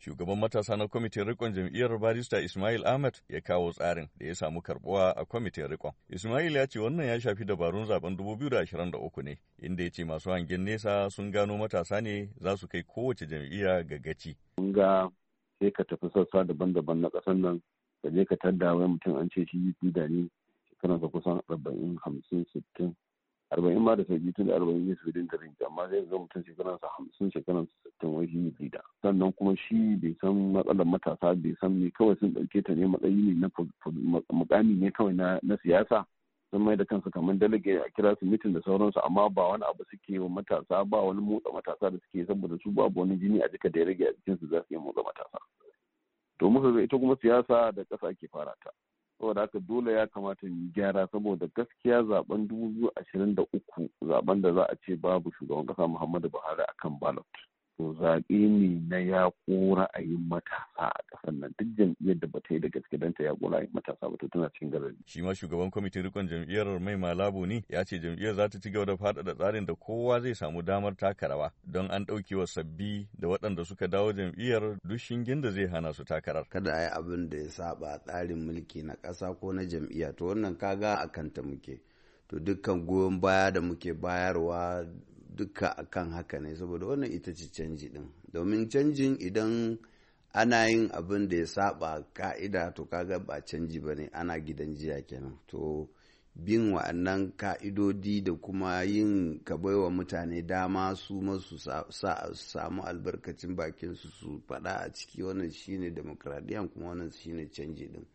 shugaban matasa na kwamitin rikon jam'iyyar barista Ismail Ahmed ya kawo tsarin da ya samu karbuwa a kwamitin rikon. Ismail ya ce wannan ya shafi dabarun zaben 2023 ne, inda ya ce masu hangen nesa sun gano matasa ne za su kai kowace jam'iyya ga gaci. Mun ga sai ka tafi sassa daban-daban na kasar nan, ka je ka tadda wai mutum an ce shi yi da ni kusan arba'in hamsin sittin arba'in ma da sauki tun da arba'in ya su dinga rinki amma sai ga mutum shekaran sa hamsin shekaran sa sittin wai shi lida sannan kuma shi bai san matsalar matasa bai san ne kawai sun ɗauke ta ne matsayi ne na mukami ne kawai na siyasa sun mai da kansu kamar dalage a kira su mitin da sauransu amma ba wani abu suke wa matasa ba wani motsa matasa da suke saboda su ba wani jini a jika da ya rage a jikinsu za su iya motsa matasa to muka ga ita kuma siyasa da ƙasa ke fara ta saboda haka dole ya kamata yi gyara saboda gaskiya zaben 2023 zaben da za a ce babu shugaban kasa muhammadu buhari akan ballot to zaɓe ne na a ra'ayin matasa a ƙasar nan duk jam'iyyar da bata yi da gaske don ta a yi matasa ba to tana cikin garari. shi ma shugaban kwamitin rikon jam'iyyar mai malabo ne ya ce jam'iyyar za ta ci gaba da faɗaɗa tsarin da kowa zai samu damar taka rawa don an ɗauke wa sabbi da waɗanda suka dawo jam'iyyar duk shingen da zai hana su takarar. kada a yi abin da ya saba tsarin mulki na ƙasa ko na jam'iyya to wannan kaga a kanta muke to dukkan goyon baya da muke bayarwa duka akan haka ne saboda wannan ita ce canji din domin canjin idan ana yin abin da ya saba ka'ida to kaga ba canji ba ne ana gidan jiya kenan to bin wa'annan ka'idodi da kuma yin ka baiwa mutane dama su masu samu albarkacin bakin su su faɗa a ciki wannan shine demokradiyan kuma wannan shine canji din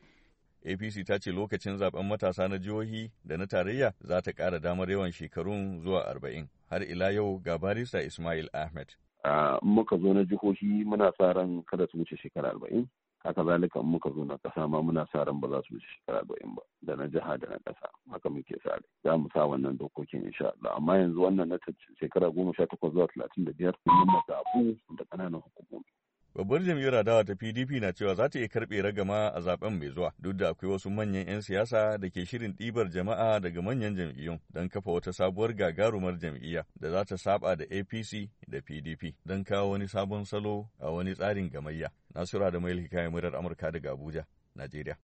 APC ta ce lokacin zaben matasa na jihohi da na tarayya za ta ƙara damar yawan shekarun zuwa arba'in. Har ila yau ga barista Ismail Ahmed. muka zo na jihohi muna sa ran kada su wuce shekara arba'in. Haka zalika muka zo na ƙasa ma muna sa ran ba za su wuce shekara arba'in ba da na jiha da na ƙasa haka muke sa rai. Za mu sa wannan dokokin insha Allah amma yanzu wannan na shekara goma sha takwas zuwa talatin da biyar mun da ƙananan hukumomi. Babbar jam'iyyar adawa ta PDP na cewa za ta iya karɓe ragama a zaben mai zuwa duk da akwai wasu manyan 'yan siyasa da ke shirin ɗibar jama'a daga manyan jam'iyyun don kafa wata sabuwar gagarumar jam'iyya da za ta saba da APC da PDP don kawo wani sabon salo a wani tsarin gamayya. Nasura da Mail Murar Amurka daga Abuja, Najeriya.